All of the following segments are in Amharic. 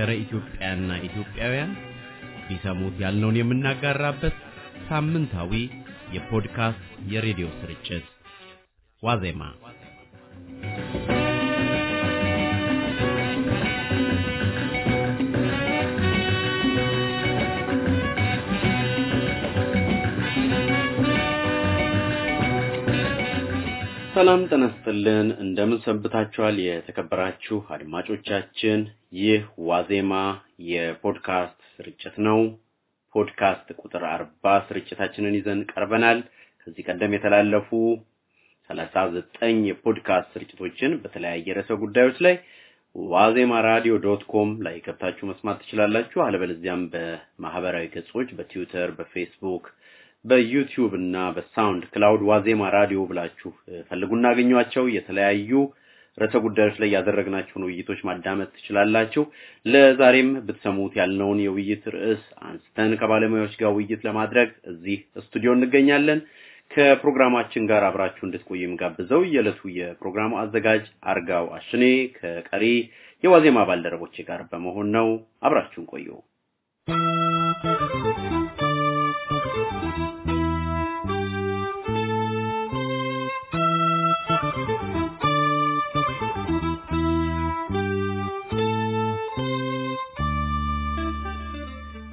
ሀገረ ኢትዮጵያና ኢትዮጵያውያን ቢሰሙት ያልነውን የምናጋራበት ሳምንታዊ የፖድካስት የሬዲዮ ስርጭት ዋዜማ ሰላም ጠነስጥልን እንደምን ሰንብታችኋል? የተከበራችሁ አድማጮቻችን፣ ይህ ዋዜማ የፖድካስት ስርጭት ነው። ፖድካስት ቁጥር አርባ ስርጭታችንን ይዘን ቀርበናል። ከዚህ ቀደም የተላለፉ ሰላሳ ዘጠኝ የፖድካስት ስርጭቶችን በተለያየ ረሰ ጉዳዮች ላይ ዋዜማ ራዲዮ ዶት ኮም ላይ ገብታችሁ መስማት ትችላላችሁ። አለበለዚያም በማህበራዊ ገጾች በትዊተር፣ በፌስቡክ በዩቲዩብ እና በሳውንድ ክላውድ ዋዜማ ራዲዮ ብላችሁ ፈልጉ እናገኟቸው። የተለያዩ ርዕሰ ጉዳዮች ላይ ያደረግናቸውን ውይይቶች ማዳመጥ ትችላላችሁ። ለዛሬም ብትሰሙት ያልነውን የውይይት ርዕስ አንስተን ከባለሙያዎች ጋር ውይይት ለማድረግ እዚህ ስቱዲዮ እንገኛለን። ከፕሮግራማችን ጋር አብራችሁ እንድትቆይም ጋብዘው የዕለቱ የፕሮግራሙ አዘጋጅ አርጋው አሽኔ ከቀሪ የዋዜማ ባልደረቦቼ ጋር በመሆን ነው። አብራችሁን ቆዩ።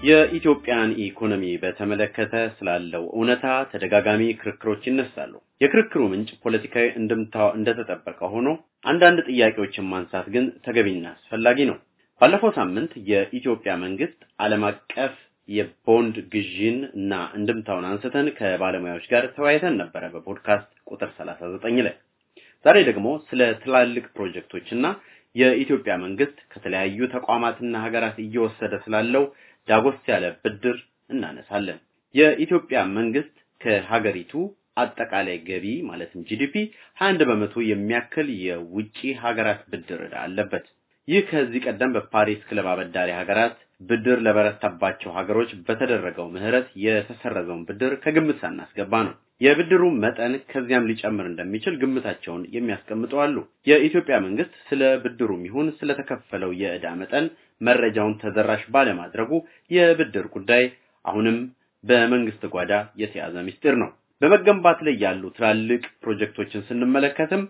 የኢትዮጵያን ኢኮኖሚ በተመለከተ ስላለው እውነታ ተደጋጋሚ ክርክሮች ይነሳሉ። የክርክሩ ምንጭ ፖለቲካዊ እንድምታው እንደተጠበቀ ሆኖ አንዳንድ ጥያቄዎችን ማንሳት ግን ተገቢና አስፈላጊ ነው። ባለፈው ሳምንት የኢትዮጵያ መንግስት ዓለም አቀፍ የቦንድ ግዢን እና እንድምታውን አንስተን ከባለሙያዎች ጋር ተወያይተን ነበረ በፖድካስት ቁጥር 39 ላይ። ዛሬ ደግሞ ስለ ትላልቅ ፕሮጀክቶችና የኢትዮጵያ መንግስት ከተለያዩ ተቋማትና ሀገራት እየወሰደ ስላለው ዳጎስ ያለ ብድር እናነሳለን። የኢትዮጵያ መንግስት ከሀገሪቱ አጠቃላይ ገቢ ማለትም ጂዲፒ 21 በመቶ የሚያክል የውጪ ሀገራት ብድር ዕዳ አለበት። ይህ ከዚህ ቀደም በፓሪስ ክለብ አበዳሪ ሀገራት ብድር ለበረታባቸው ሀገሮች በተደረገው ምህረት የተሰረዘውን ብድር ከግምት ሳናስገባ ነው። የብድሩ መጠን ከዚያም ሊጨምር እንደሚችል ግምታቸውን የሚያስቀምጡ አሉ። የኢትዮጵያ መንግስት ስለ ብድሩም ይሁን ስለተከፈለው የዕዳ መጠን መረጃውን ተደራሽ ባለማድረጉ የብድር ጉዳይ አሁንም በመንግስት ጓዳ የተያዘ ምስጢር ነው። በመገንባት ላይ ያሉ ትላልቅ ፕሮጀክቶችን ስንመለከትም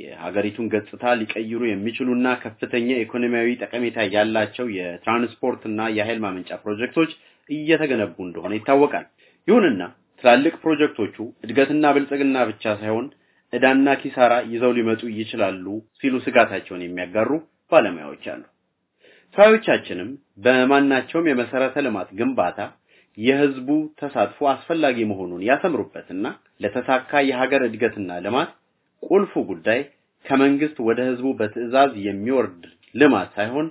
የሀገሪቱን ገጽታ ሊቀይሩ የሚችሉና ከፍተኛ ኢኮኖሚያዊ ጠቀሜታ ያላቸው የትራንስፖርት የኃይል ማመንጫ ፕሮጀክቶች እየተገነቡ እንደሆነ ይታወቃል። ይሁንና ትላልቅ ፕሮጀክቶቹ እድገትና ብልጽግና ብቻ ሳይሆን እዳና ኪሳራ ይዘው ሊመጡ ይችላሉ ሲሉ ስጋታቸውን የሚያጋሩ ባለሙያዎች አሉ። ስራዎቻችንም በማናቸውም የመሰረተ ልማት ግንባታ የህዝቡ ተሳትፎ አስፈላጊ መሆኑን ያሰምሩበትና ለተሳካ የሀገር እድገትና ልማት ቁልፉ ጉዳይ ከመንግስት ወደ ህዝቡ በትዕዛዝ የሚወርድ ልማት ሳይሆን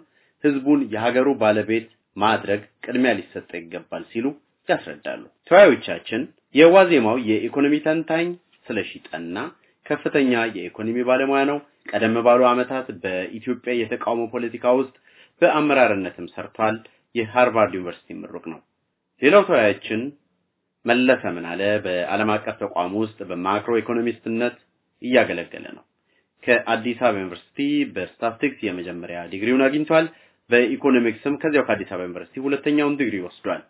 ህዝቡን የሀገሩ ባለቤት ማድረግ ቅድሚያ ሊሰጠ ይገባል ሲሉ ያስረዳሉ። ተወያዮቻችን የዋዜማው የኢኮኖሚ ተንታኝ ስለሽጠና ከፍተኛ የኢኮኖሚ ባለሙያ ነው። ቀደም ባሉ ዓመታት በኢትዮጵያ የተቃውሞ ፖለቲካ ውስጥ በአመራርነትም ሰርቷል። የሃርቫርድ ዩኒቨርሲቲ ምሩቅ ነው። ሌላው ተወያያችን መለሰ ምናለ በዓለም አቀፍ ተቋም ውስጥ በማክሮ ኢኮኖሚስትነት እያገለገለ ነው። ከአዲስ አበባ ዩኒቨርሲቲ በስታቲስቲክስ የመጀመሪያ ዲግሪውን አግኝቷል። በኢኮኖሚክስም ከዚያው ከአዲስ አበባ ዩኒቨርሲቲ ሁለተኛውን ዲግሪ ወስዷል።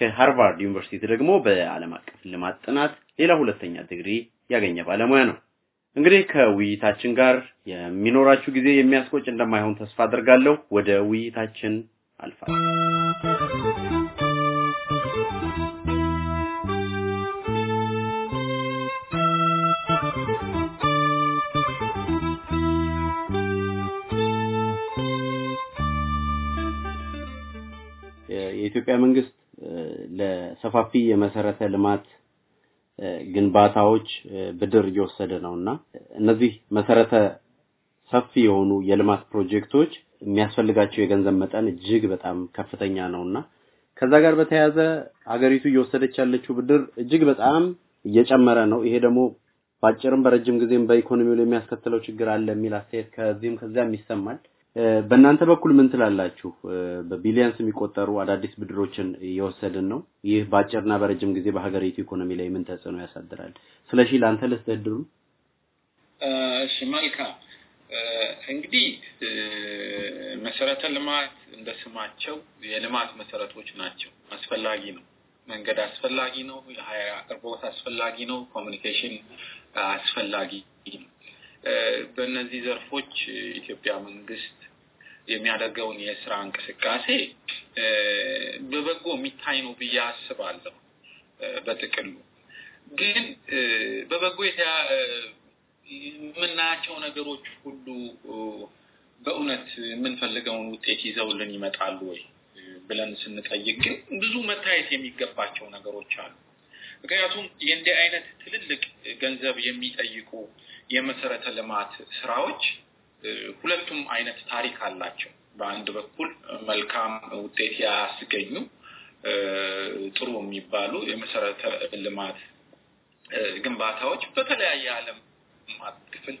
ከሃርቫርድ ዩኒቨርሲቲ ደግሞ በዓለም አቀፍ ልማት ጥናት ሌላ ሁለተኛ ዲግሪ ያገኘ ባለሙያ ነው። እንግዲህ ከውይይታችን ጋር የሚኖራችሁ ጊዜ የሚያስቆጭ እንደማይሆን ተስፋ አድርጋለሁ። ወደ ውይይታችን አልፋለሁ። የኢትዮጵያ መንግስት ለሰፋፊ የመሰረተ ልማት ግንባታዎች ብድር እየወሰደ ነው እና እነዚህ መሰረተ ሰፊ የሆኑ የልማት ፕሮጀክቶች የሚያስፈልጋቸው የገንዘብ መጠን እጅግ በጣም ከፍተኛ ነው እና ከዛ ጋር በተያያዘ ሀገሪቱ እየወሰደች ያለችው ብድር እጅግ በጣም እየጨመረ ነው። ይሄ ደግሞ በአጭርም በረጅም ጊዜም በኢኮኖሚው ላይ የሚያስከትለው ችግር አለ የሚል አስተያየት ከዚህም ከዚያም ይሰማል። በእናንተ በኩል ምን ትላላችሁ? በቢሊየንስ የሚቆጠሩ አዳዲስ ብድሮችን እየወሰድን ነው። ይህ በአጭርና በረጅም ጊዜ በሀገሪቱ ኢኮኖሚ ላይ ምን ተጽዕኖ ያሳድራል? ስለሺ ለአንተ ልስጥህ እድሉን። እሺ መልካም። እንግዲህ መሰረተ ልማት እንደ ስማቸው የልማት መሰረቶች ናቸው። አስፈላጊ ነው። መንገድ አስፈላጊ ነው። የሀያ አቅርቦት አስፈላጊ ነው። ኮሚኒኬሽን አስፈላጊ በእነዚህ ዘርፎች ኢትዮጵያ መንግስት የሚያደርገውን የስራ እንቅስቃሴ በበጎ የሚታይ ነው ብዬ አስባለሁ። በጥቅሉ ግን በበጎ የምናያቸው ነገሮች ሁሉ በእውነት የምንፈልገውን ውጤት ይዘውልን ይመጣሉ ወይ ብለን ስንጠይቅ ግን ብዙ መታየት የሚገባቸው ነገሮች አሉ። ምክንያቱም የእንዲህ አይነት ትልልቅ ገንዘብ የሚጠይቁ የመሰረተ ልማት ስራዎች ሁለቱም አይነት ታሪክ አላቸው። በአንድ በኩል መልካም ውጤት ያስገኙ ጥሩ የሚባሉ የመሰረተ ልማት ግንባታዎች በተለያየ ዓለም ክፍል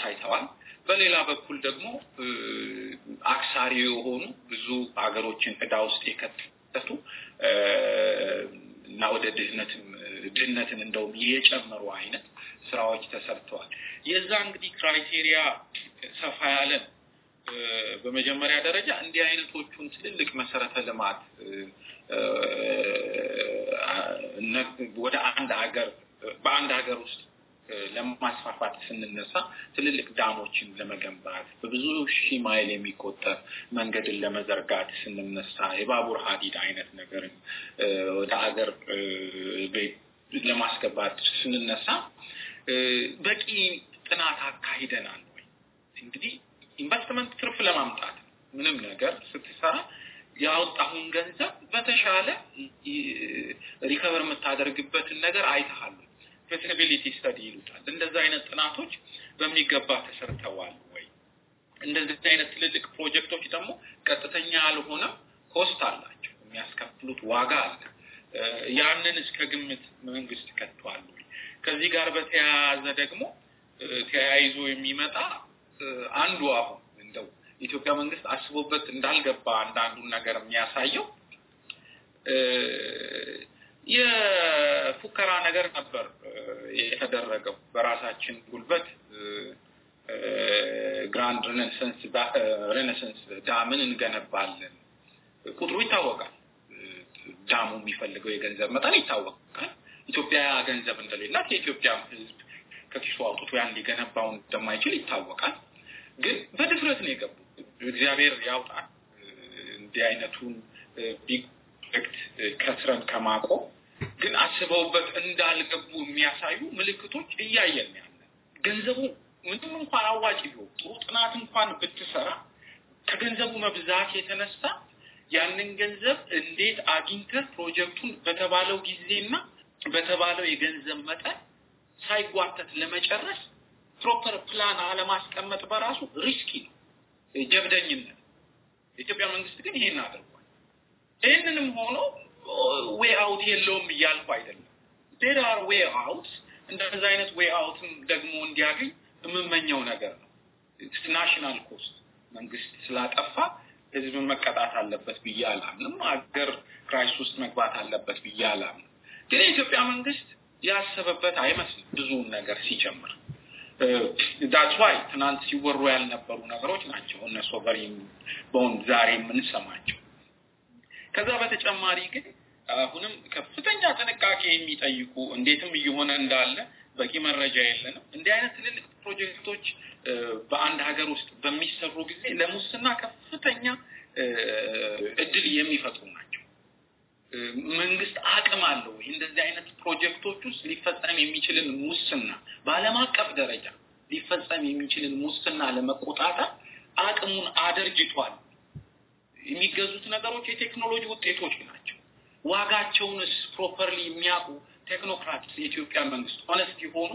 ታይተዋል። በሌላ በኩል ደግሞ አክሳሪ የሆኑ ብዙ ሀገሮችን እዳ ውስጥ የከተቱ እና ወደ ድህነትም ድህነትን እንደውም የጨመሩ አይነት ስራዎች ተሰርተዋል። የዛ እንግዲህ ክራይቴሪያ ሰፋ ያለ በመጀመሪያ ደረጃ እንዲህ አይነቶቹን ትልልቅ መሰረተ ልማት ወደ አንድ ሀገር በአንድ ሀገር ውስጥ ለማስፋፋት ስንነሳ ትልልቅ ዳሞችን ለመገንባት በብዙ ሺህ ማይል የሚቆጠር መንገድን ለመዘርጋት ስንነሳ የባቡር ሀዲድ አይነት ነገርን ወደ ሀገር ቤት ለማስገባት ስንነሳ በቂ ጥናት አካሂደናል ወይ? እንግዲህ ኢንቨስትመንት ትርፍ ለማምጣት ምንም ነገር ስትሰራ ያወጣሁን ገንዘብ በተሻለ ሪከቨር የምታደርግበትን ነገር አይተሃሉ። ፊዚቢሊቲ ስተዲ ይሉታል። እንደዚህ አይነት ጥናቶች በሚገባ ተሰርተዋል ወይ? እንደዚህ አይነት ትልልቅ ፕሮጀክቶች ደግሞ ቀጥተኛ ያልሆነ ኮስት አላቸው፣ የሚያስከፍሉት ዋጋ አለ። ያንን እስከ ግምት መንግስት ከቷል ወይ? ከዚህ ጋር በተያያዘ ደግሞ ተያይዞ የሚመጣ አንዱ አሁን እንደው ኢትዮጵያ መንግስት አስቦበት እንዳልገባ አንዳንዱን ነገር የሚያሳየው የፉከራ ነገር ነበር የተደረገው። በራሳችን ጉልበት ግራንድ ሬኔሰንስ ዳምን እንገነባለን። ቁጥሩ ይታወቃል። ዳሙ የሚፈልገው የገንዘብ መጠን ይታወቃል። ኢትዮጵያ ገንዘብ እንደሌላት የኢትዮጵያ ሕዝብ ከኪሱ አውጥቶ ያን ሊገነባው እንደማይችል ይታወቃል። ግን በድፍረት ነው የገቡ። እግዚአብሔር ያውጣ እንዲህ አይነቱን ቢግ ፕሮጀክት ከስረን ከማቆም ግን አስበውበት እንዳልገቡ የሚያሳዩ ምልክቶች እያየን ያለ ገንዘቡ ምንም እንኳን አዋጭ ቢሆን ጥሩ ጥናት እንኳን ብትሰራ ከገንዘቡ መብዛት የተነሳ ያንን ገንዘብ እንዴት አግኝተህ ፕሮጀክቱን በተባለው ጊዜና በተባለው የገንዘብ መጠን ሳይጓተት ለመጨረስ ፕሮፐር ፕላን አለማስቀመጥ በራሱ ሪስኪ ነው፣ ጀብደኝነት። የኢትዮጵያ መንግስት ግን ይሄን አድርጓል። ይህንንም ሆኖ ዌይ አውት የለውም እያልኩ አይደለም። ዴር አር ዌይ አውት እንደዚህ አይነት ዌይ አውትም ደግሞ እንዲያገኝ የምመኘው ነገር ነው። ናሽናል ኮስት መንግስት ስላጠፋ ህዝብን መቀጣት አለበት ብዬ አላምንም። አገር ክራይስ ውስጥ መግባት አለበት ብዬ አላምንም። ግን የኢትዮጵያ መንግስት ያሰበበት አይመስልም ብዙውን ነገር ሲጀምር ዳትስ ዋይ ትናንት ሲወሩ ያልነበሩ ነገሮች ናቸው እነሱ ኦቨር በሆን ዛሬ የምንሰማቸው። ከዛ በተጨማሪ ግን አሁንም ከፍተኛ ጥንቃቄ የሚጠይቁ እንዴትም እየሆነ እንዳለ በቂ መረጃ የለንም። እንዲህ አይነት ትልልቅ ፕሮጀክቶች በአንድ ሀገር ውስጥ በሚሰሩ ጊዜ ለሙስና ከፍተኛ እድል የሚፈጥሩ ናቸው። መንግስት አቅም አለው ወይ እንደዚህ አይነት ፕሮጀክቶች ውስጥ ሊፈጸም የሚችልን ሙስና በአለም አቀፍ ደረጃ ሊፈጸም የሚችልን ሙስና ለመቆጣጠር አቅሙን አደርጅቷል። የሚገዙት ነገሮች የቴክኖሎጂ ውጤቶች ናቸው። ዋጋቸውንስ ፕሮፐርሊ የሚያውቁ ቴክኖክራትስ የኢትዮጵያ መንግስት ሆነስት የሆኑ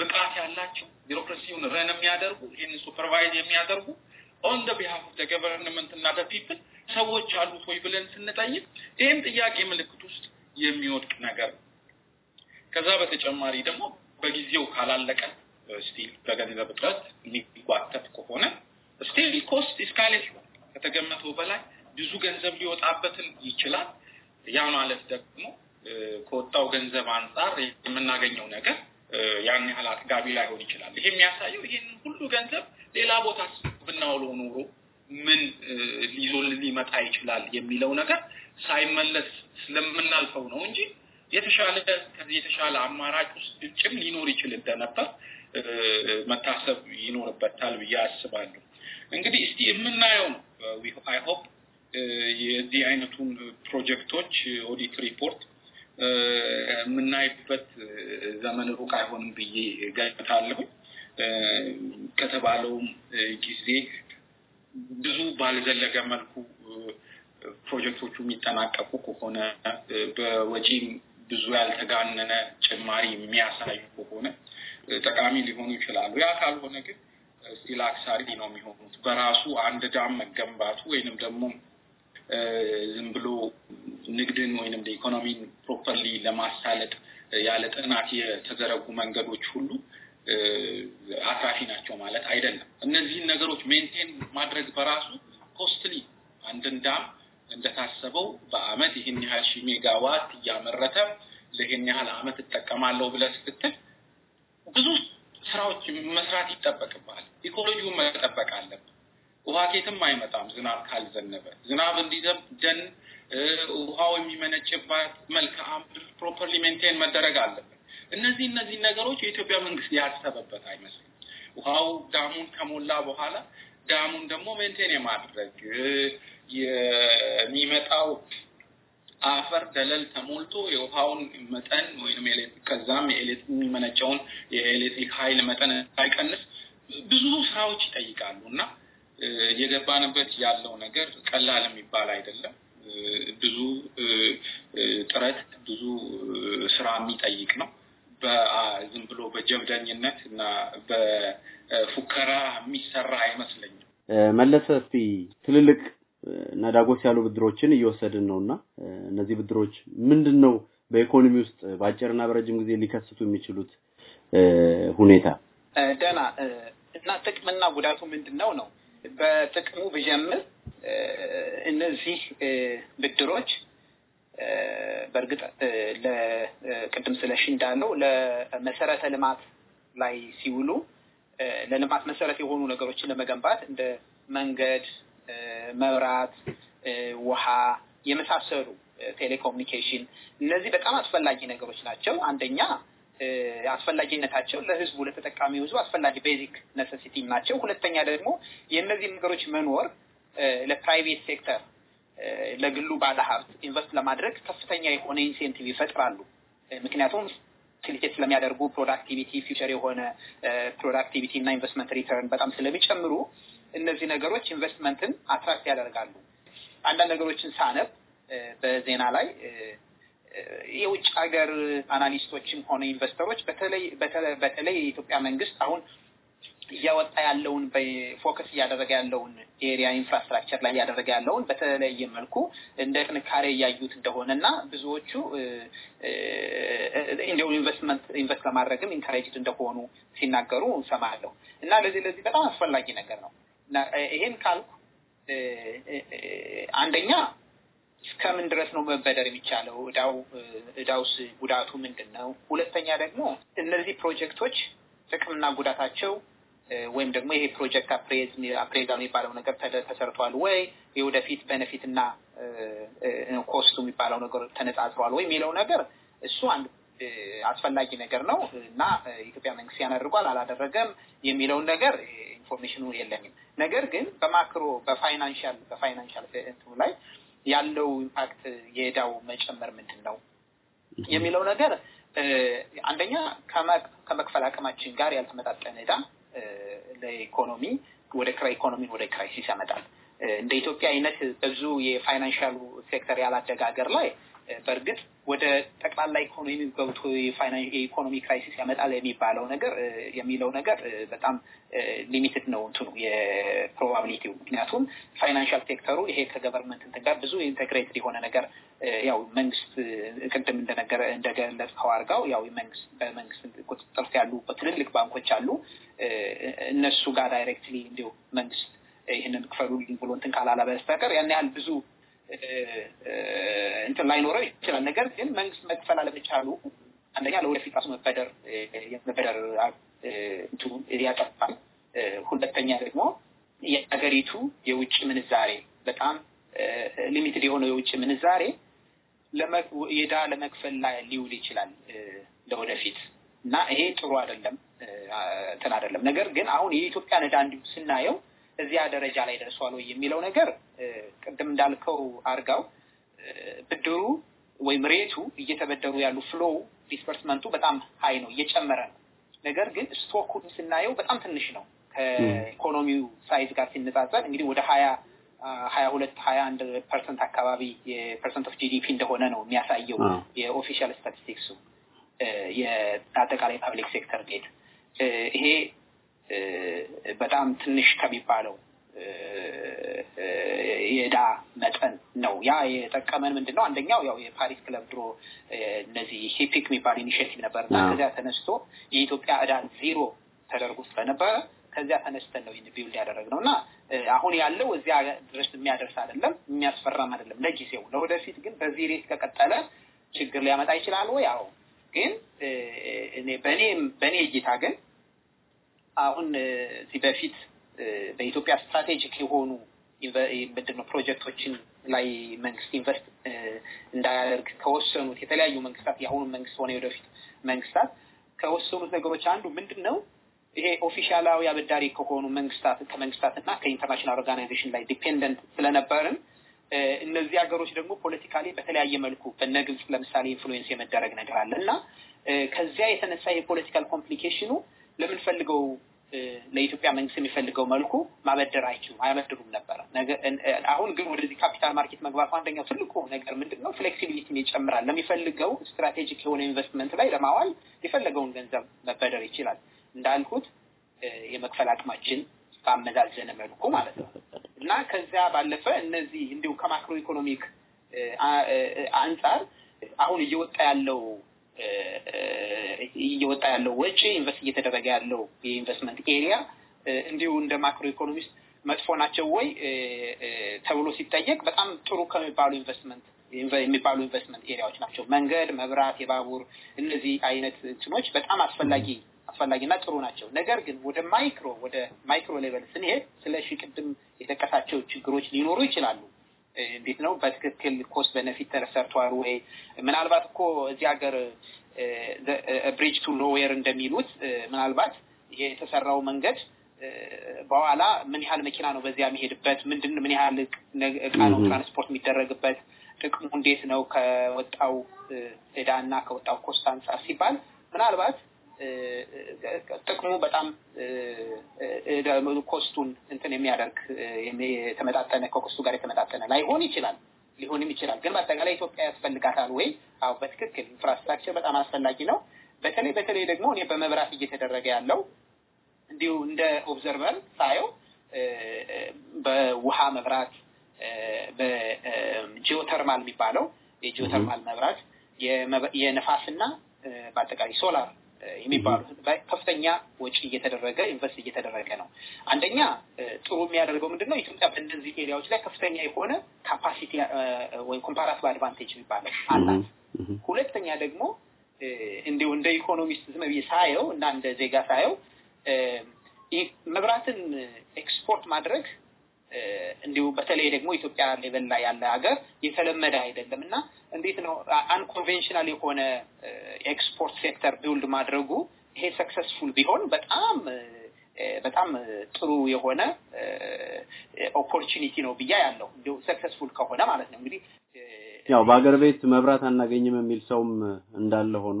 ብቃት ያላቸው ቢሮክራሲውን ረን የሚያደርጉ ይህን ሱፐርቫይዝ የሚያደርጉ ኦን ደ ቢሃፍ ኦፍ ገቨርንመንት እና ደ ፒፕል ሰዎች አሉት ወይ ብለን ስንጠይቅ ይህም ጥያቄ ምልክት ውስጥ የሚወድቅ ነገር ከዛ በተጨማሪ ደግሞ በጊዜው ካላለቀ ስቲል በገንዘብ እጥረት የሚጓተት ከሆነ ስቲል ኮስት ስካሌ ከተገመተው በላይ ብዙ ገንዘብ ሊወጣበትን ይችላል። ያ ማለት ደግሞ ከወጣው ገንዘብ አንጻር የምናገኘው ነገር ያን ያህል አጥጋቢ ላይሆን ይችላል። ይሄ የሚያሳየው ይህን ሁሉ ገንዘብ ሌላ ቦታ ብናውለው ኖሮ ምን ሊዞልን ሊመጣ ይችላል የሚለው ነገር ሳይመለስ ስለምናልፈው ነው እንጂ የተሻለ ከዚህ የተሻለ አማራጭ ውስጥ ጭም ሊኖር ይችል እንደነበር መታሰብ ይኖርበታል ብዬ አስባለሁ። እንግዲህ እስቲ የምናየው ነው። አይ ሆፕ የዚህ አይነቱን ፕሮጀክቶች ኦዲት ሪፖርት የምናይበት ዘመን ሩቅ አይሆንም ብዬ ገምታለሁ። ከተባለውም ጊዜ ብዙ ባልዘለገ መልኩ ፕሮጀክቶቹ የሚጠናቀቁ ከሆነ በወጪም ብዙ ያልተጋነነ ጭማሪ የሚያሳዩ ከሆነ ጠቃሚ ሊሆኑ ይችላሉ። ያ ካልሆነ ግን ስቲል አክሳሪ ነው የሚሆኑት። በራሱ አንድ ዳም መገንባቱ ወይንም ደግሞ ዝም ብሎ ንግድን ወይንም ኢኮኖሚን ፕሮፐርሊ ለማሳለጥ ያለ ጥናት የተዘረጉ መንገዶች ሁሉ አትራፊ ናቸው ማለት አይደለም። እነዚህን ነገሮች ሜንቴን ማድረግ በራሱ ኮስትሊ አንድን ዳም እንደታሰበው በአመት ይህን ያህል ሺ ሜጋዋት እያመረተ ለይህን ያህል አመት እጠቀማለሁ ብለህ ስትል ብዙ ስራዎች መስራት ይጠበቅብሃል። ኢኮሎጂውን መጠበቅ አለብህ። ውሃ ኬትም አይመጣም ዝናብ ካልዘነበ። ዝናብ እንዲዘንብ ደን ውሃው የሚመነጭባት መልክዓ ምድር ፕሮፐርሊ ሜንቴን መደረግ አለበት። እነዚህ እነዚህ ነገሮች የኢትዮጵያ መንግስት ያሰበበት አይመስልም። ውሃው ዳሙን ከሞላ በኋላ ዳሙን ደግሞ ሜንቴን የማድረግ የሚመጣው አፈር ደለል ተሞልቶ የውሃውን መጠን ወይም ከዛም የሚመነጨውን የኤሌክትሪክ ኃይል መጠን ሳይቀንስ ብዙ ስራዎች ይጠይቃሉ እና የገባንበት ያለው ነገር ቀላል የሚባል አይደለም። ብዙ ጥረት ብዙ ስራ የሚጠይቅ ነው። ዝም ብሎ በጀብደኝነት እና በፉከራ የሚሰራ አይመስለኝም። መለሰ፣ እስቲ ትልልቅ እና ያሉ ብድሮችን እየወሰድን ነው እና እነዚህ ብድሮች ምንድን ነው በኢኮኖሚ ውስጥ በአጭርና በረጅም ጊዜ ሊከስቱ የሚችሉት ሁኔታ? ደና እና ጥቅምና ጉዳቱ ምንድን ነው ነው። በጥቅሙ ብጀምር እነዚህ ብድሮች በእርግጥ ለቅድም ስለሽ እንዳለው ለመሰረተ ልማት ላይ ሲውሉ ለልማት መሰረት የሆኑ ነገሮችን ለመገንባት እንደ መንገድ፣ መብራት፣ ውሃ የመሳሰሉ ቴሌኮሙኒኬሽን፣ እነዚህ በጣም አስፈላጊ ነገሮች ናቸው። አንደኛ አስፈላጊነታቸው ለህዝቡ ለተጠቃሚው ህዝቡ አስፈላጊ ቤዚክ ነሰሲቲ ናቸው። ሁለተኛ ደግሞ የእነዚህ ነገሮች መኖር ለፕራይቬት ሴክተር ለግሉ ባለሀብት ኢንቨስት ለማድረግ ከፍተኛ የሆነ ኢንሴንቲቭ ይፈጥራሉ። ምክንያቱም ፋሲሊቴት ስለሚያደርጉ ፕሮዳክቲቪቲ ፊውቸር የሆነ ፕሮዳክቲቪቲ እና ኢንቨስትመንት ሪተርን በጣም ስለሚጨምሩ እነዚህ ነገሮች ኢንቨስትመንትን አትራክት ያደርጋሉ። አንዳንድ ነገሮችን ሳነብ በዜና ላይ የውጭ ሀገር አናሊስቶችም ሆነ ኢንቨስተሮች በተለይ የኢትዮጵያ መንግስት አሁን እያወጣ ያለውን ፎከስ እያደረገ ያለውን ኤሪያ ኢንፍራስትራክቸር ላይ እያደረገ ያለውን በተለያየ መልኩ እንደ ጥንካሬ እያዩት እንደሆነ እና ብዙዎቹ እንዲሁም ኢንቨስትመንት ኢንቨስት ለማድረግም ኢንካሬጅድ እንደሆኑ ሲናገሩ እንሰማለሁ እና ለዚህ ለዚህ በጣም አስፈላጊ ነገር ነው። ይሄን ካልኩ አንደኛ እስከምን ድረስ ነው መበደር የሚቻለው? እዳው እዳውስ ጉዳቱ ምንድን ነው? ሁለተኛ ደግሞ እነዚህ ፕሮጀክቶች ጥቅምና ጉዳታቸው ወይም ደግሞ ይሄ ፕሮጀክት አፕሬዝ አፕሬዛል የሚባለው ነገር ተሰርቷል ወይ የወደፊት በነፊት እና ኮስቱ የሚባለው ነገር ተነጻጽሯል ወይ የሚለው ነገር እሱ አንድ አስፈላጊ ነገር ነው እና ኢትዮጵያ መንግስት ያን አላደረገም የሚለውን ነገር ኢንፎርሜሽኑ የለኝም። ነገር ግን በማክሮ በፋይናንሻል በፋይናንሻል እንትኑ ላይ ያለው ኢምፓክት የዳው መጨመር ምንድን ነው የሚለው ነገር አንደኛ ከመክፈል አቅማችን ጋር ያልተመጣጠነ ዳ ለኢኮኖሚ ወደ ክራይ ኢኮኖሚን ወደ ክራይሲስ ያመጣል። እንደ ኢትዮጵያ አይነት በብዙ የፋይናንሻሉ ሴክተር ያላደገ ሀገር ላይ በእርግጥ ወደ ጠቅላላ ኢኮኖሚ ገብቶ የኢኮኖሚ ክራይሲስ ያመጣል የሚባለው ነገር የሚለው ነገር በጣም ሊሚትድ ነው እንትኑ የፕሮባብሊቲው። ምክንያቱም ፋይናንሻል ሴክተሩ ይሄ ከገቨርንመንት እንትን ጋር ብዙ ኢንተግሬትድ የሆነ ነገር ያው መንግስት ቅድም እንደነገረ እንደገለጽከው አድርጋው ያው መንግስት በመንግስት ቁጥጥር ያሉ ትልልቅ ባንኮች አሉ። እነሱ ጋር ዳይሬክትሊ እንዲሁ መንግስት ይህንን ክፈሉ ብሎ እንትን ካላለ በስተቀር ያን ያህል ብዙ እንትን ላይኖረው ይችላል። ነገር ግን መንግስት መክፈል አለመቻሉ አንደኛ ለወደፊት ራሱ መበደር መበደር እንትኑ ያጠፋል። ሁለተኛ ደግሞ የሀገሪቱ የውጭ ምንዛሬ በጣም ሊሚትድ የሆነው የውጭ ምንዛሬ የዳ ለመክፈል ላይ ሊውል ይችላል ለወደፊት እና ይሄ ጥሩ አይደለም እንትን አይደለም። ነገር ግን አሁን የኢትዮጵያን ዕዳ እንዲሁ ስናየው እዚያ ደረጃ ላይ ደርሷል ወይ የሚለው ነገር ቅድም እንዳልከው አርጋው ብድሩ ወይም ሬቱ እየተበደሩ ያሉ ፍሎው ዲስፐርስመንቱ በጣም ሀይ ነው፣ እየጨመረ ነው። ነገር ግን ስቶኩን ስናየው በጣም ትንሽ ነው ከኢኮኖሚው ሳይዝ ጋር ሲነጻጸር እንግዲህ ወደ ሀያ ሀያ ሁለት ሀያ አንድ ፐርሰንት አካባቢ የፐርሰንት ኦፍ ጂዲፒ እንደሆነ ነው የሚያሳየው የኦፊሻል ስታቲስቲክሱ የአጠቃላይ ፓብሊክ ሴክተር ጌት ይሄ በጣም ትንሽ ከሚባለው የዕዳ መጠን ነው። ያ የጠቀመን ምንድን ነው? አንደኛው ያው የፓሪስ ክለብ ድሮ እነዚህ ሂፒክ የሚባል ኢኒሽቲቭ ነበር እና ከዚያ ተነስቶ የኢትዮጵያ ዕዳ ዜሮ ተደርጎ ስለነበረ ከዚያ ተነስተን ነው ይህን ቢውልድ ያደረግነው እና አሁን ያለው እዚያ ድረስ የሚያደርስ አይደለም፣ የሚያስፈራም አይደለም ለጊዜው። ለወደፊት ግን በዚህ ሬት ከቀጠለ ችግር ሊያመጣ ይችላል ወይ? አዎ። ግን በእኔ በእኔ እይታ ግን አሁን እዚህ በፊት በኢትዮጵያ ስትራቴጂክ የሆኑ ምንድን ነው ፕሮጀክቶችን ላይ መንግስት ኢንቨስት እንዳያደርግ ከወሰኑት የተለያዩ መንግስታት የአሁኑ መንግስት ሆነ የወደፊት መንግስታት ከወሰኑት ነገሮች አንዱ ምንድን ነው ይሄ ኦፊሻላዊ አበዳሪ ከሆኑ መንግስታት ከመንግስታት እና ከኢንተርናሽናል ኦርጋናይዜሽን ላይ ዲፔንደንት ስለነበርን እነዚህ ሀገሮች ደግሞ ፖለቲካሊ በተለያየ መልኩ በነ ግብጽ ለምሳሌ ኢንፍሉዌንስ የመደረግ ነገር አለ እና ከዚያ የተነሳ የፖለቲካል ኮምፕሊኬሽኑ ለምንፈልገው ለኢትዮጵያ መንግስት የሚፈልገው መልኩ ማበደር አይችሉም አያበድሩም ነበረ። አሁን ግን ወደዚህ ካፒታል ማርኬት መግባቱ አንደኛው ትልቁ ነገር ምንድን ነው? ፍሌክሲቢሊቲን ይጨምራል። ለሚፈልገው ስትራቴጂክ የሆነ ኢንቨስትመንት ላይ ለማዋል የፈለገውን ገንዘብ መበደር ይችላል። እንዳልኩት የመክፈል አቅማችን በአመዛዘነ መልኩ ማለት ነው እና ከዚያ ባለፈ እነዚህ እንዲሁ ከማክሮ ኢኮኖሚክ አንጻር አሁን እየወጣ ያለው እየወጣ ያለው ወጪ ኢንቨስት እየተደረገ ያለው የኢንቨስትመንት ኤሪያ እንዲሁ እንደ ማክሮ ኢኮኖሚስት መጥፎ ናቸው ወይ ተብሎ ሲጠየቅ በጣም ጥሩ ከሚባሉ ኢንቨስትመንት የሚባሉ ኢንቨስትመንት ኤሪያዎች ናቸው። መንገድ፣ መብራት፣ የባቡር እነዚህ አይነት እንትኖች በጣም አስፈላጊ አስፈላጊና ጥሩ ናቸው። ነገር ግን ወደ ማይክሮ ወደ ማይክሮ ሌቨል ስንሄድ ስለ ሺ ቅድም የጠቀሳቸው ችግሮች ሊኖሩ ይችላሉ። እንዴት ነው በትክክል ኮስት በነፊት ተሰርቷል ወይ? ምናልባት እኮ እዚህ ሀገር ብሪጅ ቱ ኖዌር እንደሚሉት ምናልባት የተሰራው መንገድ በኋላ ምን ያህል መኪና ነው በዚያ የሚሄድበት፣ ምንድን ምን ያህል እቃ ነው ትራንስፖርት የሚደረግበት፣ ጥቅሙ እንዴት ነው ከወጣው እና ከወጣው ኮስት አንጻር ሲባል ምናልባት ጥቅሙ በጣም ኮስቱን እንትን የሚያደርግ የተመጣጠነ ከኮስቱ ጋር የተመጣጠነ ላይሆን ይችላል ሊሆንም ይችላል። ግን በአጠቃላይ ኢትዮጵያ ያስፈልጋታል ወይ? አዎ በትክክል ኢንፍራስትራክቸር በጣም አስፈላጊ ነው። በተለይ በተለይ ደግሞ እኔ በመብራት እየተደረገ ያለው እንዲሁ እንደ ኦብዘርቨር ሳየው በውሃ መብራት፣ በጂኦተርማል የሚባለው የጂኦተርማል መብራት፣ የነፋስና በአጠቃላይ ሶላር የሚባሉት ላይ ከፍተኛ ወጪ እየተደረገ ኢንቨስት እየተደረገ ነው። አንደኛ ጥሩ የሚያደርገው ምንድን ነው? ኢትዮጵያ በእንደዚህ ኤሪያዎች ላይ ከፍተኛ የሆነ ካፓሲቲ ወይም ኮምፓራቲቭ አድቫንቴጅ የሚባለው አላት። ሁለተኛ ደግሞ እንዲሁ እንደ ኢኮኖሚስት ዝም ብዬ ሳየው እና እንደ ዜጋ ሳየው መብራትን ኤክስፖርት ማድረግ እንዲሁ በተለይ ደግሞ ኢትዮጵያ ሌቨል ላይ ያለ ሀገር የተለመደ አይደለም እና እንዴት ነው አንኮንቬንሽናል የሆነ ኤክስፖርት ሴክተር ቢውልድ ማድረጉ ይሄ ሰክሰስፉል ቢሆን በጣም በጣም ጥሩ የሆነ ኦፖርቹኒቲ ነው ብያ ያለው እንዲሁ ሰክሰስፉል ከሆነ ማለት ነው እንግዲህ ያው በሀገር ቤት መብራት አናገኝም የሚል ሰውም እንዳለ ሆኖ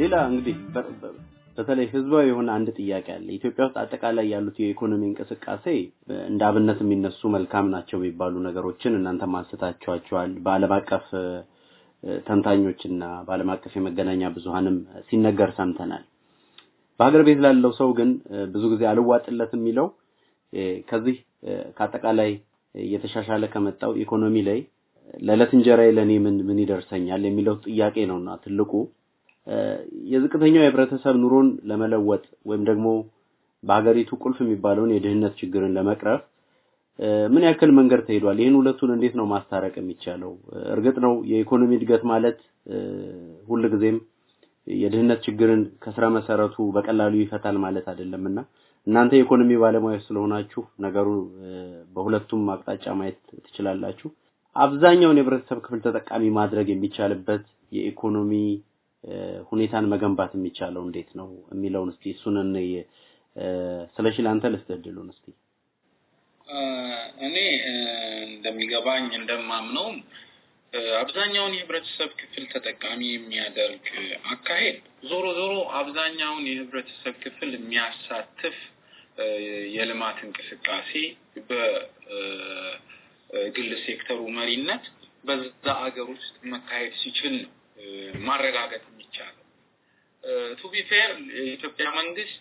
ሌላ እንግዲህ በተለይ ህዝባዊ የሆነ አንድ ጥያቄ አለ። ኢትዮጵያ ውስጥ አጠቃላይ ያሉት የኢኮኖሚ እንቅስቃሴ እንደ አብነት የሚነሱ መልካም ናቸው የሚባሉ ነገሮችን እናንተ ማንስታችኋቸዋል። በአለም አቀፍ ተንታኞችና በአለም አቀፍ የመገናኛ ብዙሃንም ሲነገር ሰምተናል። በሀገር ቤት ላለው ሰው ግን ብዙ ጊዜ አልዋጥለት የሚለው ከዚህ ከአጠቃላይ እየተሻሻለ ከመጣው ኢኮኖሚ ላይ ለዕለት እንጀራ ለእኔ ምን ምን ይደርሰኛል የሚለው ጥያቄ ነውና ትልቁ የዝቅተኛው የህብረተሰብ ኑሮን ለመለወጥ ወይም ደግሞ በሀገሪቱ ቁልፍ የሚባለውን የድህነት ችግርን ለመቅረፍ ምን ያክል መንገድ ተሄዷል? ይህን ሁለቱን እንዴት ነው ማስታረቅ የሚቻለው? እርግጥ ነው የኢኮኖሚ እድገት ማለት ጊዜም የድህነት ችግርን ከስረ መሰረቱ በቀላሉ ይፈታል ማለት አይደለም እና እናንተ የኢኮኖሚ ባለሙያዎች ስለሆናችሁ ነገሩ በሁለቱም አቅጣጫ ማየት ትችላላችሁ። አብዛኛውን የህብረተሰብ ክፍል ተጠቃሚ ማድረግ የሚቻልበት የኢኮኖሚ ሁኔታን መገንባት የሚቻለው እንዴት ነው የሚለውን እስቲ እሱን ስለሺ ለአንተ ልስጥ እስቲ። እኔ እንደሚገባኝ እንደማምነውም አብዛኛውን የህብረተሰብ ክፍል ተጠቃሚ የሚያደርግ አካሄድ ዞሮ ዞሮ አብዛኛውን የህብረተሰብ ክፍል የሚያሳትፍ የልማት እንቅስቃሴ በግል ሴክተሩ መሪነት በዛ አገር ውስጥ መካሄድ ሲችል ነው። ማረጋገጥ የሚቻለው። ቱቢፌር የኢትዮጵያ መንግስት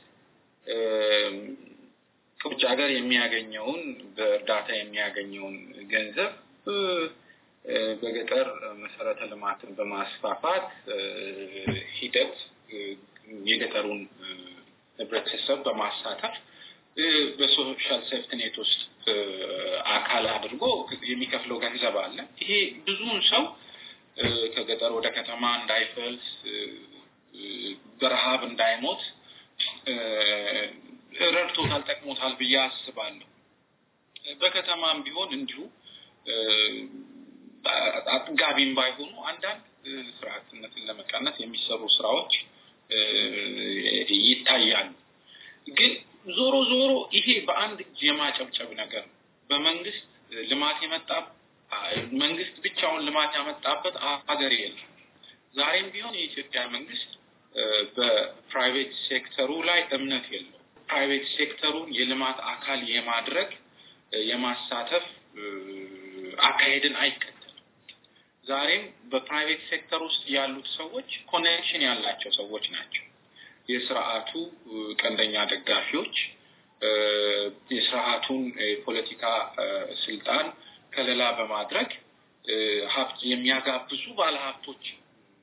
ከውጭ ሀገር የሚያገኘውን በእርዳታ የሚያገኘውን ገንዘብ በገጠር መሰረተ ልማትን በማስፋፋት ሂደት የገጠሩን ህብረተሰብ በማሳተፍ በሶሻል ሴፍትኔት ውስጥ አካል አድርጎ የሚከፍለው ገንዘብ አለ። ይሄ ብዙውን ሰው ከገጠር ወደ ከተማ እንዳይፈልስ፣ በረሃብ እንዳይሞት ረድቶታል፣ ጠቅሞታል ብዬ አስባለሁ። በከተማም ቢሆን እንዲሁ አጥጋቢም ባይሆኑ አንዳንድ ስርዓትነትን ለመቀነስ የሚሰሩ ስራዎች ይታያሉ። ግን ዞሮ ዞሮ ይሄ በአንድ እጅ የማጨብጨብ ነገር ነው። በመንግስት ልማት የመጣ መንግስት ብቻውን ልማት ያመጣበት ሀገር የለም። ዛሬም ቢሆን የኢትዮጵያ መንግስት በፕራይቬት ሴክተሩ ላይ እምነት የለው። ፕራይቬት ሴክተሩን የልማት አካል የማድረግ የማሳተፍ አካሄድን አይከተልም። ዛሬም በፕራይቬት ሴክተር ውስጥ ያሉት ሰዎች ኮኔክሽን ያላቸው ሰዎች ናቸው። የስርዓቱ ቀንደኛ ደጋፊዎች የስርዓቱን የፖለቲካ ስልጣን ከለላ በማድረግ ሀብት የሚያጋብሱ ባለሀብቶች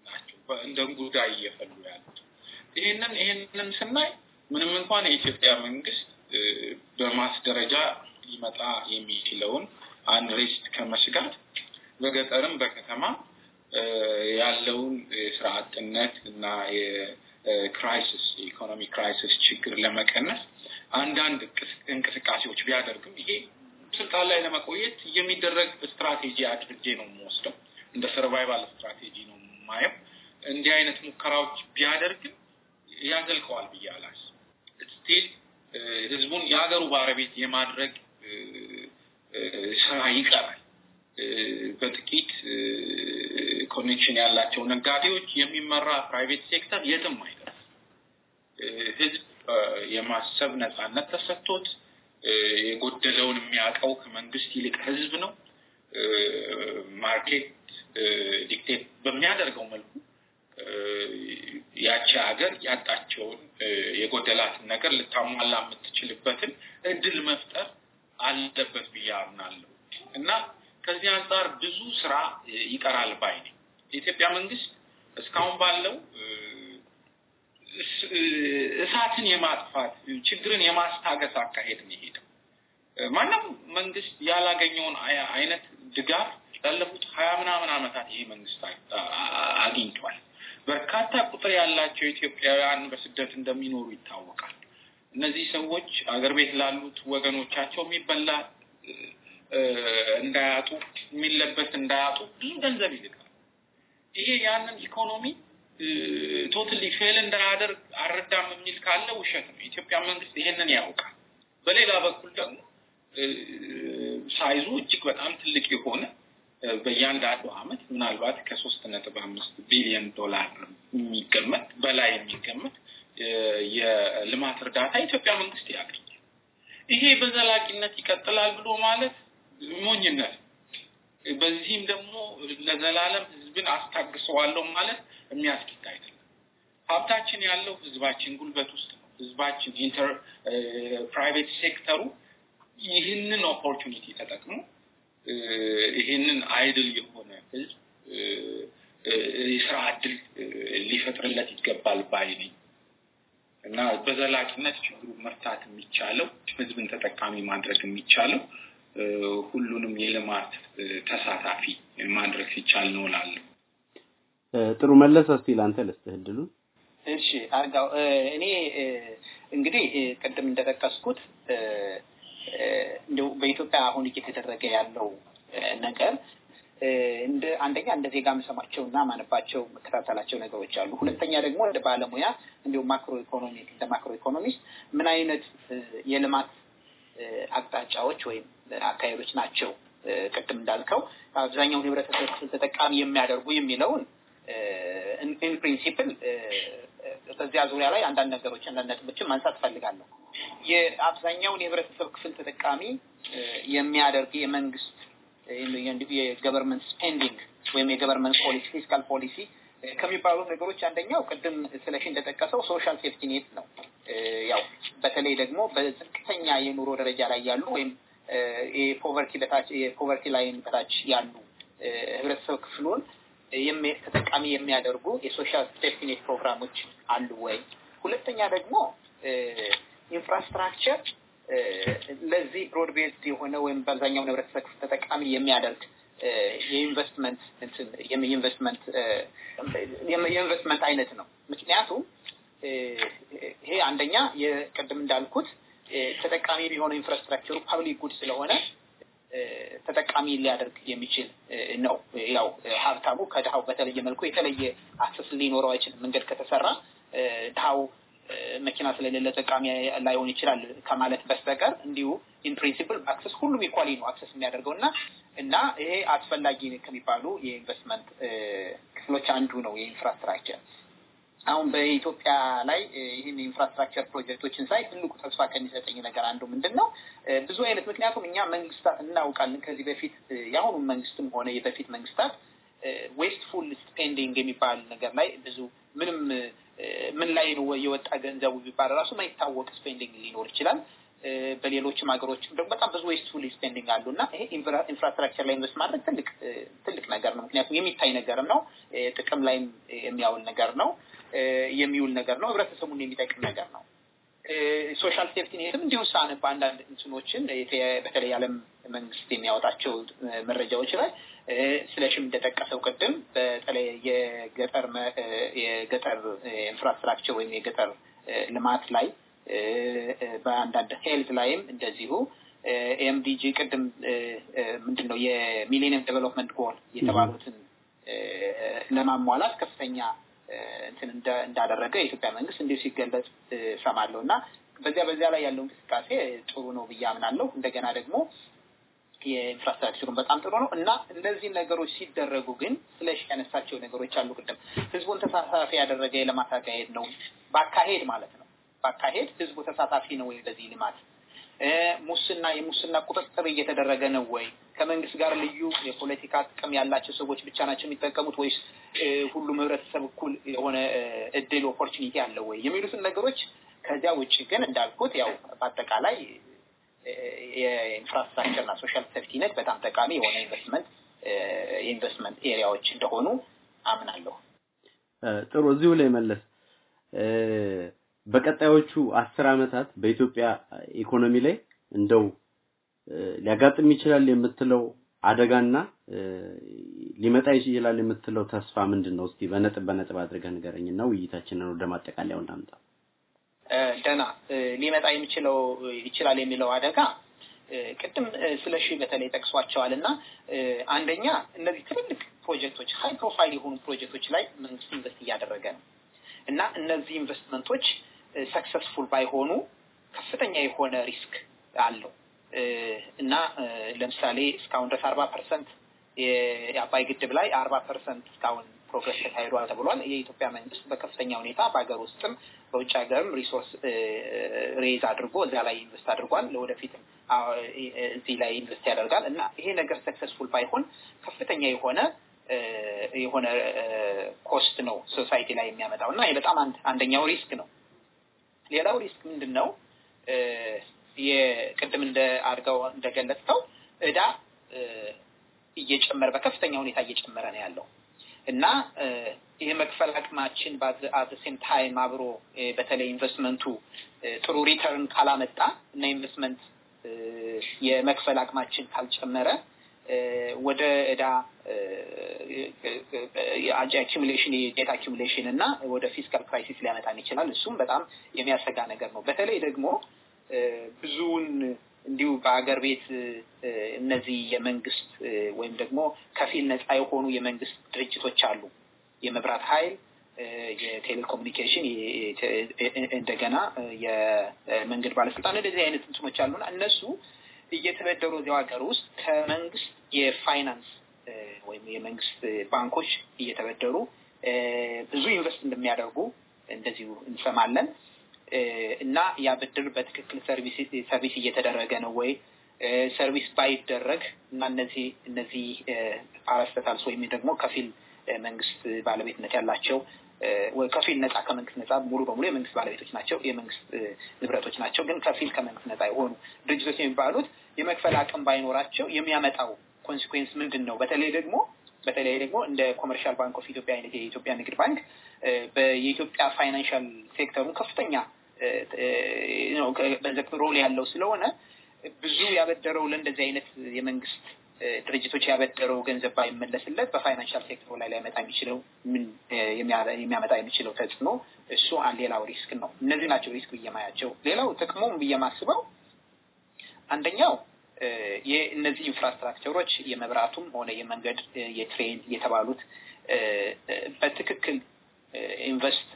ናቸው እንደ ጉዳይ እየፈሉ ያሉት። ይህንን ይህንን ስናይ ምንም እንኳን የኢትዮጵያ መንግስት በማስ ደረጃ ሊመጣ የሚችለውን አንሬስት ከመስጋት በገጠርም በከተማ ያለውን የስራ አጥነት እና የክራይሲስ የኢኮኖሚ ክራይሲስ ችግር ለመቀነስ አንዳንድ እንቅስቃሴዎች ቢያደርግም ይሄ ስልጣን ላይ ለመቆየት የሚደረግ ስትራቴጂ አድርጌ ነው የምወስደው። እንደ ሰርቫይቫል ስትራቴጂ ነው የማየው። እንዲህ አይነት ሙከራዎች ቢያደርግም ያዘልቀዋል ብዬ አላስብም። ስቲል uh, ህዝቡን የሀገሩ ባለቤት የማድረግ uh, uh, ስራ ይቀራል። በጥቂት ኮኔክሽን ያላቸው ነጋዴዎች የሚመራ ፕራይቬት ሴክተር የትም አይደርስ። ህዝብ የማሰብ ነጻነት ተሰጥቶት የጎደለውን የሚያውቀው ከመንግስት ይልቅ ህዝብ ነው። ማርኬት ዲክቴት በሚያደርገው መልኩ ያቺ ሀገር ያጣቸውን የጎደላትን ነገር ልታሟላ የምትችልበትን እድል መፍጠር አለበት ብዬ አምናለሁ እና ከዚህ አንጻር ብዙ ስራ ይቀራል ባይ ነኝ። የኢትዮጵያ መንግስት እስካሁን ባለው እሳትን የማጥፋት ችግርን የማስታገስ አካሄድ ነው ማንም መንግስት ያላገኘውን አይነት ድጋፍ ላለፉት ሀያ ምናምን ዓመታት ይሄ መንግስት አግኝቷል። በርካታ ቁጥር ያላቸው ኢትዮጵያውያን በስደት እንደሚኖሩ ይታወቃል። እነዚህ ሰዎች አገር ቤት ላሉት ወገኖቻቸው የሚበላ እንዳያጡ፣ የሚለበስ እንዳያጡ ብዙ ገንዘብ ይልቃል። ይሄ ያንን ኢኮኖሚ ቶትሊ ፌል እንዳያደርግ አረዳም የሚል ካለ ውሸት ነው። የኢትዮጵያ መንግስት ይሄንን ያውቃል። በሌላ በኩል ደግሞ ሳይዙ እጅግ በጣም ትልቅ የሆነ በእያንዳንዱ አመት ምናልባት ከሶስት ነጥብ አምስት ቢሊዮን ዶላር የሚገመት በላይ የሚገመት የልማት እርዳታ ኢትዮጵያ መንግስት ያገኛል። ይሄ በዘላቂነት ይቀጥላል ብሎ ማለት ሞኝነት። በዚህም ደግሞ ለዘላለም ህዝብን አስታግሰዋለሁ ማለት የሚያስኬድ አይደለም። ሀብታችን ያለው ህዝባችን ጉልበት ውስጥ ነው። ህዝባችን ፕራይቬት ሴክተሩ ይህንን ኦፖርቹኒቲ ተጠቅሞ ይህንን አይድል የሆነ ህዝብ የስራ እድል ሊፈጥርለት ይገባል ባይ ነኝ እና በዘላቂነት ችግሩ መፍታት የሚቻለው ህዝብን ተጠቃሚ ማድረግ የሚቻለው ሁሉንም የልማት ተሳታፊ ማድረግ ሲቻል ነው ጥሩ መለስ፣ እስቲ ለአንተ ልስጥህ እድሉ እሺ አርጋው፣ እኔ እንግዲህ ቅድም እንደጠቀስኩት እንደው በኢትዮጵያ አሁን እየተደረገ ያለው ነገር እንደ አንደኛ እንደ ዜጋ የምሰማቸው እና ማነባቸው መከታተላቸው ነገሮች አሉ። ሁለተኛ ደግሞ እንደ ባለሙያ እንዲሁም ማክሮ ኢኮኖሚ እንደ ማክሮ ኢኮኖሚስት ምን አይነት የልማት አቅጣጫዎች ወይም አካሄዶች ናቸው ቅድም እንዳልከው አብዛኛውን ህብረተሰብ ተጠቃሚ የሚያደርጉ የሚለውን ኢን ፕሪንሲፕል በዚያ ዙሪያ ላይ አንዳንድ ነገሮች አንዳንድ ነጥቦችን ማንሳት እፈልጋለሁ። የአብዛኛውን የህብረተሰብ ክፍል ተጠቃሚ የሚያደርግ የመንግስት የገቨርንመንት ስፔንዲንግ ወይም የገቨርንመንት ፖሊሲ ፊስካል ፖሊሲ ከሚባሉ ነገሮች አንደኛው ቅድም ስለሽ እንደጠቀሰው ሶሻል ሴፍቲ ኔት ነው። ያው በተለይ ደግሞ በዝቅተኛ የኑሮ ደረጃ ላይ ያሉ ወይም የፖቨርቲ በታች የፖቨርቲ ላይን በታች ያሉ ህብረተሰብ ክፍሉን ተጠቃሚ የሚያደርጉ የሶሻል ሴፍቲ ኔት ፕሮግራሞች አሉ ወይ? ሁለተኛ ደግሞ ኢንፍራስትራክቸር ለዚህ ብሮድ ቤዝድ የሆነ ወይም በአብዛኛው ህብረተሰብ ክፍል ተጠቃሚ የሚያደርግ የኢንቨስትመንት የኢንቨስትመንት አይነት ነው። ምክንያቱም ይሄ አንደኛ የቅድም እንዳልኩት ተጠቃሚ የሚሆነው ኢንፍራስትራክቸሩ ፐብሊክ ጉድ ስለሆነ ተጠቃሚ ሊያደርግ የሚችል ነው። ያው ሀብታሙ ከድሀው በተለየ መልኩ የተለየ አክሰስ ሊኖረው አይችልም። መንገድ ከተሰራ ድሀው መኪና ስለሌለ ጠቃሚ ላይሆን ይችላል ከማለት በስተቀር እንዲሁ ኢን ፕሪንሲፕል አክሰስ ሁሉም ኢኳሊ ነው አክሰስ የሚያደርገው እና እና ይሄ አስፈላጊ ከሚባሉ የኢንቨስትመንት ክፍሎች አንዱ ነው የኢንፍራስትራክቸር። አሁን በኢትዮጵያ ላይ ይህን የኢንፍራስትራክቸር ፕሮጀክቶችን ሳይ ትልቁ ተስፋ ከሚሰጠኝ ነገር አንዱ ምንድን ነው ብዙ አይነት ምክንያቱም እኛ መንግስታት እናውቃለን ከዚህ በፊት የአሁኑ መንግስትም ሆነ የበፊት መንግስታት ዌስትፉል ስፔንዲንግ የሚባል ነገር ላይ ብዙ ምንም ምን ላይ ነው የወጣ ገንዘቡ ቢባል ራሱ ማይታወቅ ስፔንዲንግ ሊኖር ይችላል። በሌሎችም ሀገሮችም ደግሞ በጣም ብዙ ዌስትፉል ስፔንዲንግ አሉ እና ይሄ ኢንፍራስትራክቸር ላይ ኢንቨስት ማድረግ ትልቅ ትልቅ ነገር ነው። ምክንያቱም የሚታይ ነገርም ነው፣ ጥቅም ላይም የሚያውል ነገር ነው፣ የሚውል ነገር ነው፣ ህብረተሰቡን የሚጠቅም ነገር ነው። ሶሻል ሴፍቲ ኔትም እንዲሁ ሳነብ አንዳንድ እንትኖችን በተለይ ዓለም መንግስት የሚያወጣቸው መረጃዎች ላይ ስለሽም እንደጠቀሰው ቅድም በተለይ የገጠር የገጠር ኢንፍራስትራክቸር ወይም የገጠር ልማት ላይ በአንዳንድ ሄልት ላይም እንደዚሁ ኤምዲጂ ቅድም ምንድን ነው የሚሊኒየም ዴቨሎፕመንት ጎል የተባሉትን ለማሟላት ከፍተኛ እንትን እንዳደረገ የኢትዮጵያ መንግስት እንዲሁ ሲገለጽ ሰማለሁ እና በዚያ በዚያ ላይ ያለው እንቅስቃሴ ጥሩ ነው ብዬ አምናለሁ። እንደገና ደግሞ የኢንፍራስትራክቸሩን በጣም ጥሩ ነው እና እነዚህ ነገሮች ሲደረጉ ግን ስለሽ ያነሳቸው ነገሮች አሉ። ቅድም ህዝቡን ተሳታፊ ያደረገ የልማት አካሄድ ነው፣ ባካሄድ ማለት ነው። ባካሄድ ህዝቡ ተሳታፊ ነው ወይ ለዚህ ልማት ሙስና የሙስና ቁጥጥር እየተደረገ ነው ወይ? ከመንግስት ጋር ልዩ የፖለቲካ ጥቅም ያላቸው ሰዎች ብቻ ናቸው የሚጠቀሙት ወይስ ሁሉም ህብረተሰብ እኩል የሆነ እድል ኦፖርቹኒቲ አለው ወይ የሚሉትን ነገሮች ከዚያ ውጭ ግን እንዳልኩት ያው በአጠቃላይ የኢንፍራስትራክቸር እና ሶሻል ነት በጣም ጠቃሚ የሆነ ኢንቨስትመንት የኢንቨስትመንት ኤሪያዎች እንደሆኑ አምናለሁ። ጥሩ እዚሁ ላይ መለስ በቀጣዮቹ አስር ዓመታት በኢትዮጵያ ኢኮኖሚ ላይ እንደው ሊያጋጥም ይችላል የምትለው አደጋና ሊመጣ ይችላል የምትለው ተስፋ ምንድን ነው? እስቲ በነጥብ በነጥብ አድርገህ ንገረኝና ውይይታችንን ወደ ማጠቃለያው እናምጣ። ደህና ሊመጣ የሚችለው ይችላል የሚለው አደጋ ቅድም ስለ ሺ በተለይ ጠቅሷቸዋል እና አንደኛ እነዚህ ትልልቅ ፕሮጀክቶች ሀይ ፕሮፋይል የሆኑ ፕሮጀክቶች ላይ መንግስት ኢንቨስት እያደረገ ነው እና እነዚህ ኢንቨስትመንቶች ሰክሰስፉል ባይሆኑ ከፍተኛ የሆነ ሪስክ አለው እና ለምሳሌ እስካሁን ድረስ አርባ ፐርሰንት የአባይ ግድብ ላይ አርባ ፐርሰንት እስካሁን ፕሮግረስ ተካሂዷል ተብሏል። የኢትዮጵያ መንግስት በከፍተኛ ሁኔታ በሀገር ውስጥም በውጭ ሀገርም ሪሶርስ ሬዝ አድርጎ እዚያ ላይ ኢንቨስት አድርጓል። ለወደፊትም እዚህ ላይ ኢንቨስት ያደርጋል እና ይሄ ነገር ሰክሰስፉል ባይሆን ከፍተኛ የሆነ የሆነ ኮስት ነው ሶሳይቲ ላይ የሚያመጣው እና በጣም አንደኛው ሪስክ ነው። ሌላው ሪስክ ምንድን ነው? የቅድም እንደ አድርገው እንደገለጽከው እዳ እየጨመረ በከፍተኛ ሁኔታ እየጨመረ ነው ያለው እና ይህ መክፈል አቅማችን በአዘሴም ታይም አብሮ በተለይ ኢንቨስትመንቱ ጥሩ ሪተርን ካላመጣ እና ኢንቨስትመንት የመክፈል አቅማችን ካልጨመረ ወደ እዳ አኪሙሌሽን የዴት አኪሙሌሽን እና ወደ ፊስካል ክራይሲስ ሊያመጣን ይችላል። እሱም በጣም የሚያሰጋ ነገር ነው። በተለይ ደግሞ ብዙውን እንዲሁ በአገር ቤት እነዚህ የመንግስት ወይም ደግሞ ከፊል ነፃ የሆኑ የመንግስት ድርጅቶች አሉ። የመብራት ኃይል፣ የቴሌኮሙኒኬሽን፣ እንደገና የመንገድ ባለስልጣን እንደዚህ አይነት እንትኖች አሉና እነሱ እየተበደሩ እዚያው ሀገር ውስጥ ከመንግስት የፋይናንስ ወይም የመንግስት ባንኮች እየተበደሩ ብዙ ኢንቨስት እንደሚያደርጉ እንደዚሁ እንሰማለን እና ያ ብድር በትክክል ሰርቪስ እየተደረገ ነው ወይ? ሰርቪስ ባይደረግ እና እነዚህ እነዚህ አረስተታልስ ወይም ደግሞ ከፊል መንግስት ባለቤትነት ያላቸው ከፊል ነጻ ከመንግስት ነጻ ሙሉ በሙሉ የመንግስት ባለቤቶች ናቸው፣ የመንግስት ንብረቶች ናቸው። ግን ከፊል ከመንግስት ነጻ የሆኑ ድርጅቶች የሚባሉት የመክፈል አቅም ባይኖራቸው የሚያመጣው ኮንሲኩዌንስ ምንድን ነው? በተለይ ደግሞ በተለይ ደግሞ እንደ ኮመርሻል ባንክ ኦፍ ኢትዮጵያ አይነት የኢትዮጵያ ንግድ ባንክ የኢትዮጵያ ፋይናንሻል ሴክተሩን ከፍተኛ ሮል ያለው ስለሆነ ብዙ ያበደረው ለእንደዚህ አይነት የመንግስት ድርጅቶች ያበደረው ገንዘብ ባይመለስለት በፋይናንሻል ሴክተሩ ላይ ሊያመጣ የሚችለው የሚያመጣ የሚችለው ተጽዕኖ እሱ ሌላው ሪስክ ነው። እነዚህ ናቸው ሪስክ ብዬ ማያቸው። ሌላው ጥቅሙም ብዬ ማስበው አንደኛው እነዚህ ኢንፍራስትራክቸሮች የመብራቱም ሆነ የመንገድ፣ የትሬን የተባሉት በትክክል ኢንቨስት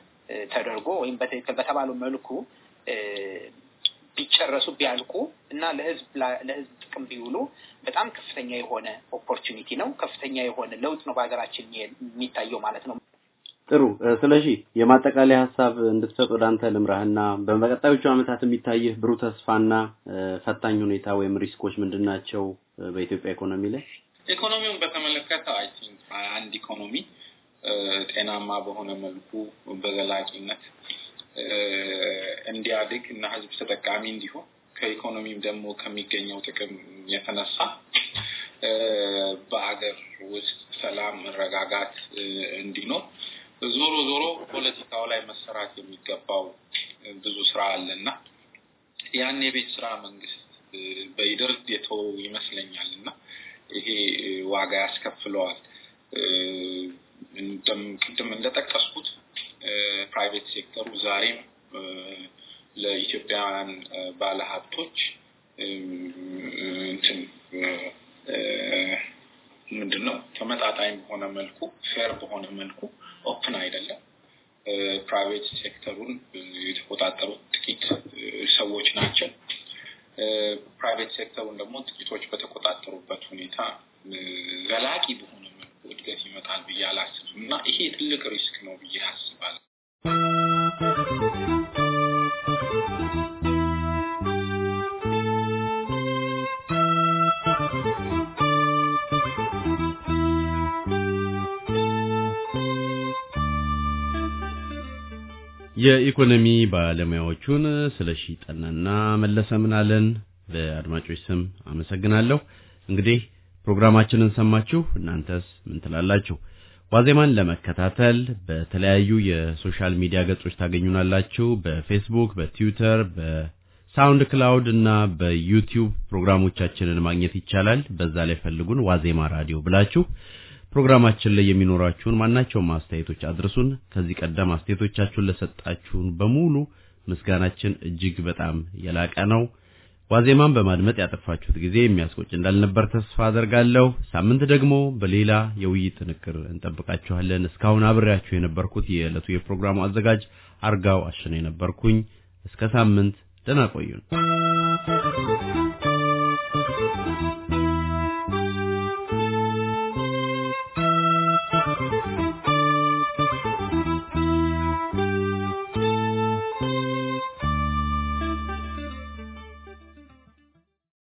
ተደርጎ ወይም በትክክል በተባለው መልኩ ቢጨረሱ ቢያልቁ እና ለህዝብ ለህዝብ ጥቅም ቢውሉ በጣም ከፍተኛ የሆነ ኦፖርቹኒቲ ነው። ከፍተኛ የሆነ ለውጥ ነው በሀገራችን የሚታየው ማለት ነው። ጥሩ ስለዚህ የማጠቃለያ ሀሳብ እንድትሰጥ ወደ አንተ ልምራህና በመቀጣዮቹ ዓመታት የሚታይህ ብሩህ ተስፋና ፈታኝ ሁኔታ ወይም ሪስኮች ምንድን ናቸው በኢትዮጵያ ኢኮኖሚ ላይ? ኢኮኖሚውን በተመለከተ አይ ቲንክ አንድ ኢኮኖሚ ጤናማ በሆነ መልኩ በዘላቂነት እንዲያድግ እና ህዝብ ተጠቃሚ እንዲሆን ከኢኮኖሚም ደግሞ ከሚገኘው ጥቅም የተነሳ በአገር ውስጥ ሰላም መረጋጋት እንዲኖር ያን የቤት ስራ መንግስት በይደርድ የተወው ይመስለኛል እና ይሄ ዋጋ ያስከፍለዋል። ቅድም እንደጠቀስኩት ፕራይቬት ሴክተሩ ዛሬም የኢኮኖሚ ባለሙያዎቹን ስለሺ ጠናና መለሰ ምናለን በአድማጮች ስም አመሰግናለሁ። እንግዲህ ፕሮግራማችንን ሰማችሁ፣ እናንተስ ምን ትላላችሁ? ዋዜማን ለመከታተል በተለያዩ የሶሻል ሚዲያ ገጾች ታገኙናላችሁ። በፌስቡክ፣ በትዊተር፣ በሳውንድ ክላውድ እና በዩቲዩብ ፕሮግራሞቻችንን ማግኘት ይቻላል። በዛ ላይ ፈልጉን ዋዜማ ራዲዮ ብላችሁ ፕሮግራማችን ላይ የሚኖራችሁን ማናቸውም አስተያየቶች አድርሱን። ከዚህ ቀደም አስተያየቶቻችሁን ለሰጣችሁን በሙሉ ምስጋናችን እጅግ በጣም የላቀ ነው። ዋዜማን በማድመጥ ያጠፋችሁት ጊዜ የሚያስቆጭ እንዳልነበር ተስፋ አደርጋለሁ። ሳምንት ደግሞ በሌላ የውይይት ጥንቅር እንጠብቃችኋለን። እስካሁን አብሬያችሁ የነበርኩት የዕለቱ የፕሮግራሙ አዘጋጅ አርጋው አሽነ የነበርኩኝ። እስከ ሳምንት ደህና ቆዩን።